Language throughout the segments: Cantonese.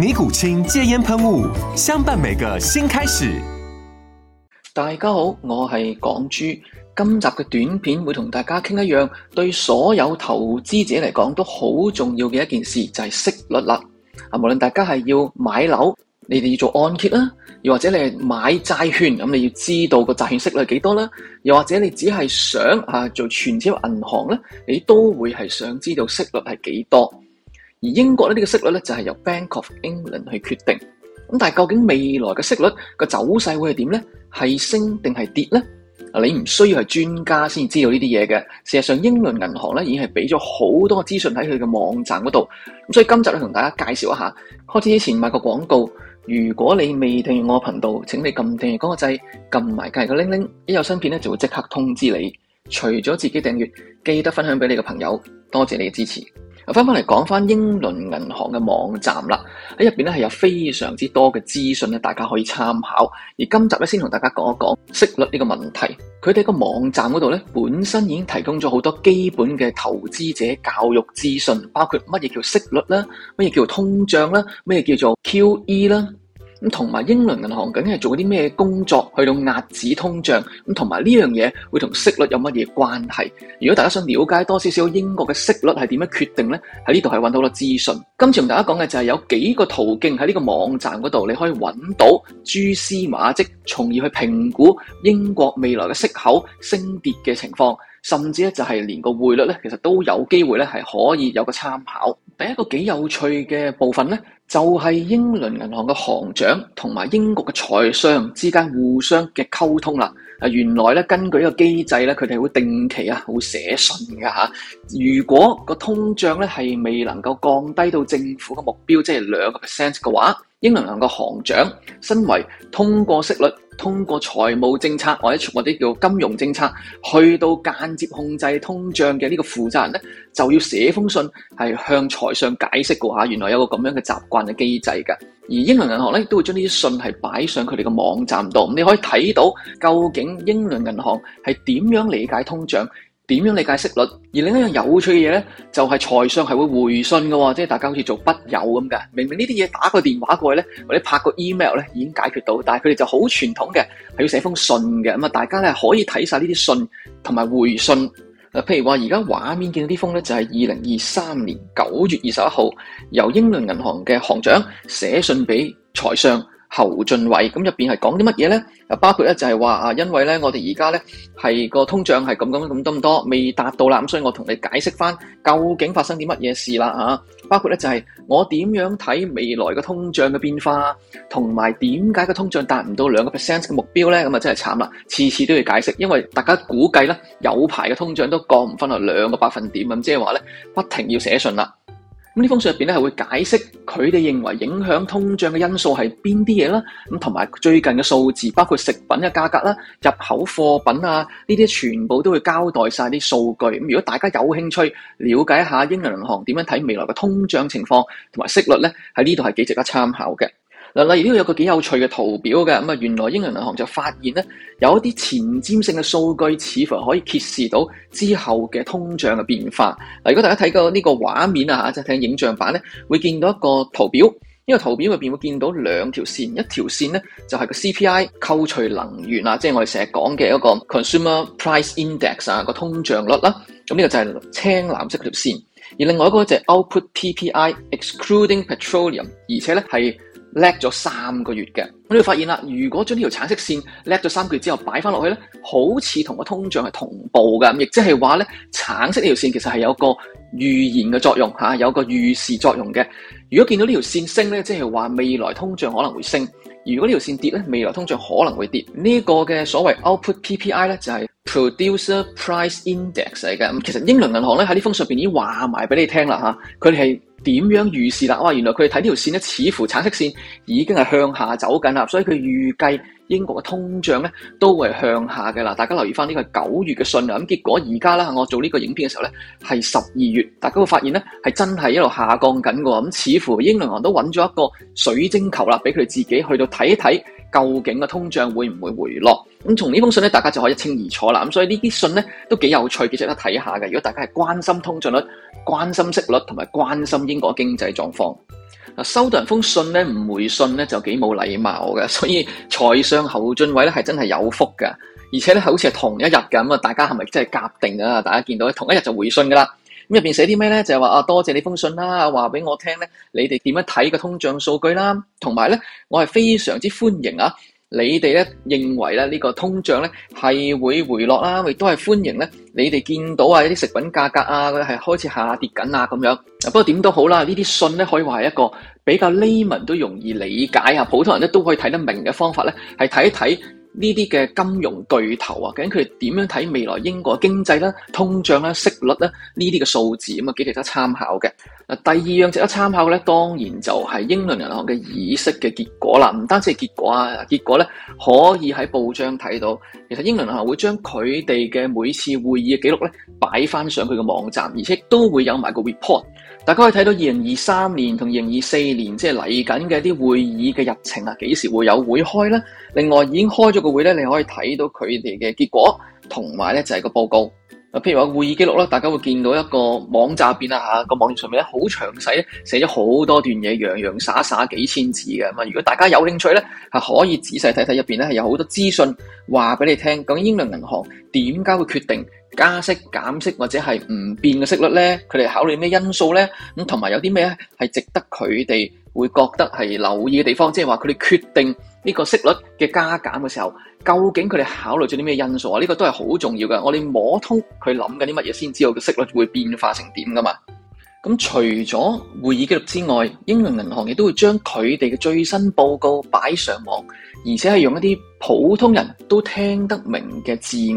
尼古清戒煙噴霧，相伴每個新開始。大家好，我係港豬。今集嘅短片會同大家傾一樣對所有投資者嚟講都好重要嘅一件事，就係息率啦。啊，無論大家係要買樓，你哋要做按揭啦，又或者你係買債券，咁你要知道個債券息率幾多啦。又或者你只係想啊做存錢銀行咧，你都會係想知道息率係幾多。而英國咧，呢個息率咧就係由 Bank of England 去決定。咁但係究竟未來嘅息率個走勢會係點呢？係升定係跌呢？你唔需要係專家先知道呢啲嘢嘅。事實上，英倫銀行咧已經係俾咗好多資訊喺佢嘅網站嗰度。咁所以今集咧同大家介紹一下。開始之前賣個廣告。如果你未訂閱我頻道，請你撳訂閱嗰個掣，撳埋隔籬個鈴鈴，一有新片咧就會即刻通知你。除咗自己訂閱，記得分享俾你嘅朋友。多謝你嘅支持。翻翻嚟講翻英倫銀行嘅網站啦，喺入面咧係有非常之多嘅資訊咧，大家可以參考。而今集咧先同大家講一講息率呢個問題。佢哋個網站嗰度咧，本身已經提供咗好多基本嘅投資者教育資訊，包括乜嘢叫息率啦，乜嘢叫通脹啦，乜嘢叫做 QE 啦。咁同埋英倫銀行究竟係做啲咩工作去到壓止通脹，咁同埋呢樣嘢會同息率有乜嘢關係？如果大家想了解多少少英國嘅息率係點樣決定呢，喺呢度係揾到個資訊。今次同大家講嘅就係有幾個途徑，喺呢個網站嗰度你可以揾到蛛絲馬跡，從而去評估英國未來嘅息口升跌嘅情況。甚至咧就係連個匯率咧，其實都有機會咧係可以有個參考。第一個幾有趣嘅部分咧，就係英倫銀行嘅行長同埋英國嘅財商之間互相嘅溝通啦。啊，原來咧根據一個機制咧，佢哋會定期啊會寫信㗎嚇。如果個通脹咧係未能夠降低到政府嘅目標，即係兩個 percent 嘅話。英倫銀行嘅行長，身為通過息率、通過財務政策或者或者叫金融政策去到間接控制通脹嘅呢個負責人咧，就要寫封信係向財相解釋過下，原來有一個咁樣嘅習慣嘅機制嘅。而英倫銀行咧都會將呢啲信係擺上佢哋嘅網站度，你可以睇到究竟英倫銀行係點樣理解通脹。點樣理解息率？而另一樣有趣嘅嘢咧，就係財相係會回信嘅喎，即係大家好似做筆友咁嘅。明明呢啲嘢打個電話過去咧，或者拍個 email 咧已經解決到，但係佢哋就好傳統嘅係要寫封信嘅咁啊。大家咧可以睇晒呢啲信同埋回信啊。譬如話而家畫面見到啲封咧，就係二零二三年九月二十一號由英倫銀行嘅行長寫信俾財相。侯俊偉，咁入邊係講啲乜嘢呢？啊，包括咧就係話啊，因為咧我哋而家呢係個通脹係咁咁咁多咁多，未達到啦，咁所以我同你解釋翻究竟發生啲乜嘢事啦吓，包括呢就係我點樣睇未來個通脹嘅變化，同埋點解個通脹達唔到兩個 percent 嘅目標呢？咁啊真係慘啦，次次都要解釋，因為大家估計呢，有排嘅通脹都降唔翻落兩個百分點咁，即係話呢，不停要寫信啦。咁呢封信入邊咧，係會解釋佢哋認為影響通脹嘅因素係邊啲嘢啦，咁同埋最近嘅數字，包括食品嘅價格啦、入口貨品啊呢啲全部都會交代晒啲數據。咁如果大家有興趣了解一下英倫銀行點樣睇未來嘅通脹情況同埋息率咧，喺呢度係幾值得參考嘅。嗱，例如呢個有個幾有趣嘅圖表嘅，咁啊，原來英倫銀行就發現咧，有一啲前瞻性嘅數據，似乎可以揭示到之後嘅通脹嘅變化。嗱，如果大家睇到呢個畫面啊嚇，即係睇影像版咧，會見到一個圖表。呢個圖表入面會見到兩條線，一條線咧就係個 CPI 扣除能源啊，即係我哋成日講嘅一個 consumer price index 啊個通脹率啦。咁呢個就係青藍色嗰條線，而另外一個就係 output PPI excluding petroleum，而且咧係。叻咗三個月嘅，咁你發現啦，如果將呢條橙色線叻咗三個月之後擺翻落去咧，好似同個通脹係同步嘅，亦即係話咧，橙色呢條線其實係有個預言嘅作用嚇，有個預示作用嘅。如果見到呢條線升咧，即係話未來通脹可能會升；如果呢條線跌咧，未來通脹可能會跌。呢、呢個嘅所謂 output P P I 咧，就係 producer price index 嚟嘅。咁其實英倫銀行咧喺呢封信入邊已經話埋俾你聽啦嚇，佢係。點樣預示？啦？哇！原來佢哋睇呢條線咧，似乎橙色線已經係向下走緊啦，所以佢預計英國嘅通脹咧都會向下嘅啦。大家留意翻呢、這個九月嘅信啊，咁結果而家啦，我做呢個影片嘅時候咧係十二月，大家會發現咧係真係一路下降緊嘅喎。咁、嗯、似乎英倫行都揾咗一個水晶球啦，俾佢哋自己去到睇一睇究竟嘅通脹會唔會回落。咁從呢封信咧，大家就可以一清二楚啦。咁所以呢啲信咧都幾有趣，幾值得睇下嘅。如果大家係關心通脹率、關心息率同埋關心，英國經濟狀況嗱，收到人封信咧，唔回信咧就幾冇禮貌嘅，所以財相侯俊偉咧係真係有福噶而且咧好似係同一日噶咁啊！大家係咪真係夾定啊？大家見到咧同一日就回信噶啦，咁入邊寫啲咩咧？就係話啊，多謝你封信啦，話俾我聽咧，你哋點樣睇個通脹數據啦，同埋咧，我係非常之歡迎啊！你哋咧認為咧呢個通脹咧係會回落啦，亦都係歡迎咧。你哋見到啊，一啲食品價格啊，係開始下跌緊啊，咁樣。不過點都好啦，呢啲信咧可以話係一個比較 layman 都容易理解啊，普通人咧都可以睇得明嘅方法咧，係睇一睇。呢啲嘅金融巨頭啊，究竟佢哋點樣睇未來英國經濟啦、啊、通脹啦、啊、息率啦，呢啲嘅數字咁啊，幾值得參考嘅。嗱，第二樣值得參考嘅咧，當然就係英倫銀行嘅議息嘅結果啦。唔單止係結果啊，結果咧可以喺報章睇到。其實英倫銀行會將佢哋嘅每次會議嘅記錄咧擺翻上佢嘅網站，而且都會有埋個 report。大家可以睇到二零二三年同二零二四年即係嚟緊嘅啲會議嘅日程啊，幾時會有會開呢，另外已經開咗個會呢，你可以睇到佢哋嘅結果，同埋呢就係個報告。譬如話會議記錄啦，大家會見到一個網站入邊啊嚇，個網頁上面咧好詳細寫咗好多段嘢，洋洋灑灑幾千字嘅咁。如果大家有興趣呢，係可以仔細睇睇入面，呢係有好多資訊話俾你聽，究竟英倫銀行點解會決定？加息、減息或者係唔變嘅息率咧，佢哋考慮咩因素咧？咁同埋有啲咩係值得佢哋會覺得係留意嘅地方？即係話佢哋決定呢個息率嘅加減嘅時候，究竟佢哋考慮咗啲咩因素啊？呢個都係好重要嘅。我哋摸通佢諗緊啲乜嘢先，知道個息率會變化成點噶嘛？咁除咗會議記錄之外，英倫銀行亦都會將佢哋嘅最新報告擺上網，而且係用一啲普通人都聽得明嘅字眼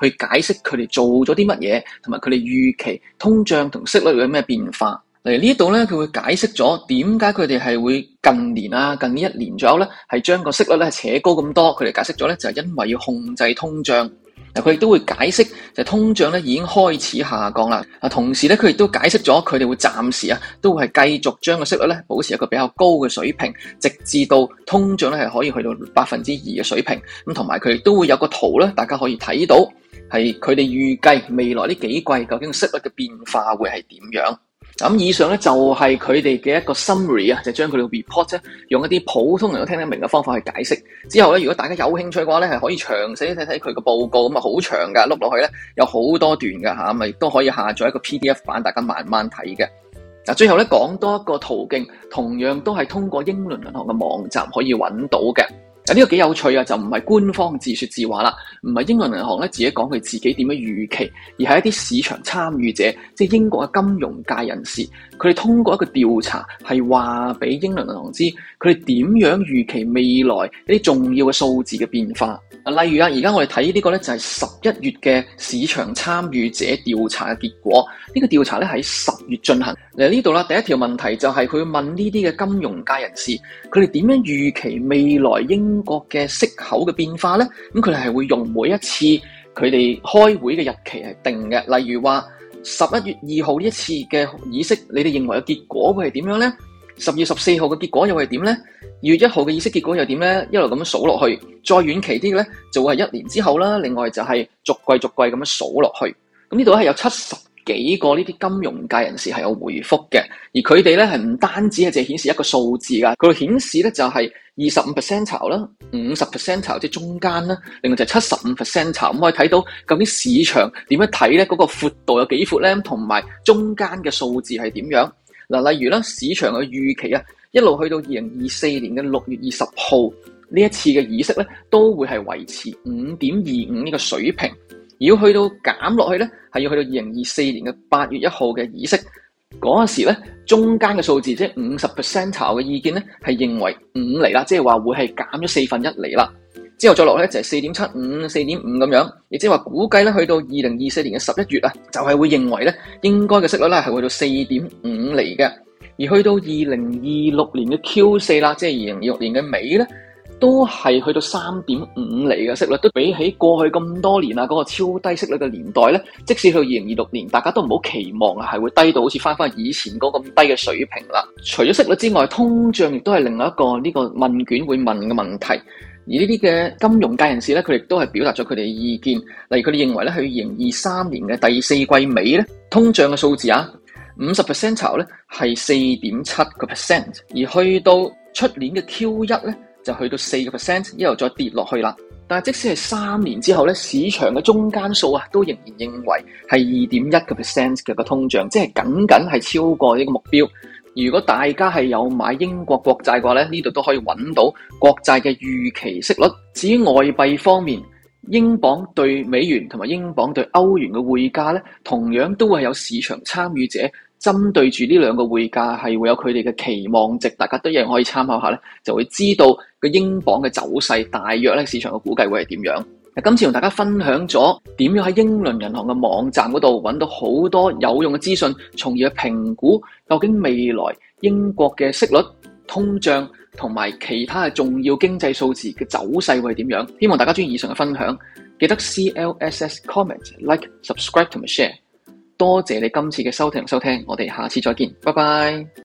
去解釋佢哋做咗啲乜嘢，同埋佢哋預期通脹同息率有咩變化。嚟呢度呢，佢會解釋咗點解佢哋係會近年呀、近一年左右呢係將個息率呢係扯高咁多。佢哋解釋咗呢，就係因為要控制通脹。佢亦都會解釋，就係通脹咧已經開始下降啦。啊，同時咧，佢亦都解釋咗，佢哋會暫時啊，都會係繼續將個息率咧保持一個比較高嘅水平，直至到通脹咧係可以去到百分之二嘅水平。咁同埋，佢亦都會有個圖咧，大家可以睇到係佢哋預計未來呢幾季究竟個息率嘅變化會係點樣。咁以上咧就係佢哋嘅一個 summary 啊，就將佢哋個 report 咧用一啲普通人都聽得明嘅方法去解釋。之後咧，如果大家有興趣嘅話咧，係可以詳細睇睇佢個報告，咁啊好長噶，碌落去咧有好多段噶吓，咁咪都可以下載一個 PDF 版，大家慢慢睇嘅。嗱，最後咧講多一個途徑，同樣都係通過英倫銀行嘅網站可以揾到嘅。呢個幾有趣啊，就唔係官方自説自話啦，唔係英倫銀行咧自己講佢自己點樣預期，而係一啲市場參與者，即係英國嘅金融界人士，佢哋通過一個調查，係話俾英倫銀行知，佢哋點樣預期未來一啲重要嘅數字嘅變化。例如啊，而家我哋睇呢個咧就係十一月嘅市場參與者調查嘅結果。這個、調查呢個調查咧喺十月進行。嚟呢度啦，第一條問題就係佢問呢啲嘅金融界人士，佢哋點樣預期未來英國嘅息口嘅變化咧？咁佢哋係會用每一次佢哋開會嘅日期係定嘅。例如話十一月二號呢一次嘅議息，你哋認為嘅結果會係點樣咧？十二月十四號嘅結果又係點咧？二月一號嘅議息結果又點咧？一路咁樣數落去，再遠期啲嘅咧，就會係一年之後啦。另外就係逐季逐季咁樣數落去。咁呢度係有七十幾個呢啲金融界人士係有回覆嘅，而佢哋咧係唔單止係淨係顯示一個數字噶，佢顯示咧就係二十五 percentile 啦，五十 percentile 即係中間啦，另外就係七十五 percentile。咁可以睇到究竟市場點樣睇咧？嗰、嗰個闊度有幾闊咧？同埋中間嘅數字係點樣？嗱，例如咧，市場嘅預期啊，一路去到二零二四年嘅六月二十號呢一次嘅議息咧，都會係維持五點二五呢個水平。而要去到減落去咧，係要去到二零二四年嘅八月一號嘅議息嗰陣時咧，中間嘅數字即係五十 percent 嘅意見咧，係認為五厘啦，即係話會係減咗四分一厘啦。之後再落咧就係四點七五、四點五咁樣，亦即係話估計咧去到二零二四年嘅十一月啊，就係、是、會認為咧應該嘅息率咧係去到四點五厘嘅，而去到二零二六年嘅 Q 四啦，即係二零二六年嘅尾咧，都係去到三點五厘嘅息率，都比起過去咁多年啊嗰、那個超低息率嘅年代咧，即使去到二零二六年，大家都唔好期望係會低到好似翻翻以前嗰咁低嘅水平啦。除咗息率之外，通脹亦都係另外一個呢個問卷會問嘅問題。而呢啲嘅金融界人士咧，佢哋都係表達咗佢哋嘅意見。例如佢哋認為咧，去完二三年嘅第四季尾咧，通脹嘅數字啊，五十 percent 咧，係四點七個 percent，而去到出年嘅 Q 一咧就去到四個 percent，一路再跌落去啦。但係即使係三年之後咧，市場嘅中間數啊，都仍然認為係二點一個 percent 嘅個通脹，即係僅僅係超過呢個目標。如果大家係有買英國國債嘅話咧，呢度都可以揾到國債嘅預期息率。至於外幣方面，英鎊對美元同埋英鎊對歐元嘅匯價咧，同樣都會有市場參與者針對住呢兩個匯價係會有佢哋嘅期望值，大家都一樣可以參考下咧，就會知道個英鎊嘅走勢大約咧市場嘅估計會係點樣。今次同大家分享咗點樣喺英倫銀行嘅網站嗰度揾到好多有用嘅資訊，從而去評估究竟未來英國嘅息率、通脹同埋其他嘅重要經濟數字嘅走勢會係點樣。希望大家中意以上嘅分享，記得 CLSS comment, like, subscribe 同埋 share。多謝你今次嘅收聽同收聽，我哋下次再見，拜拜。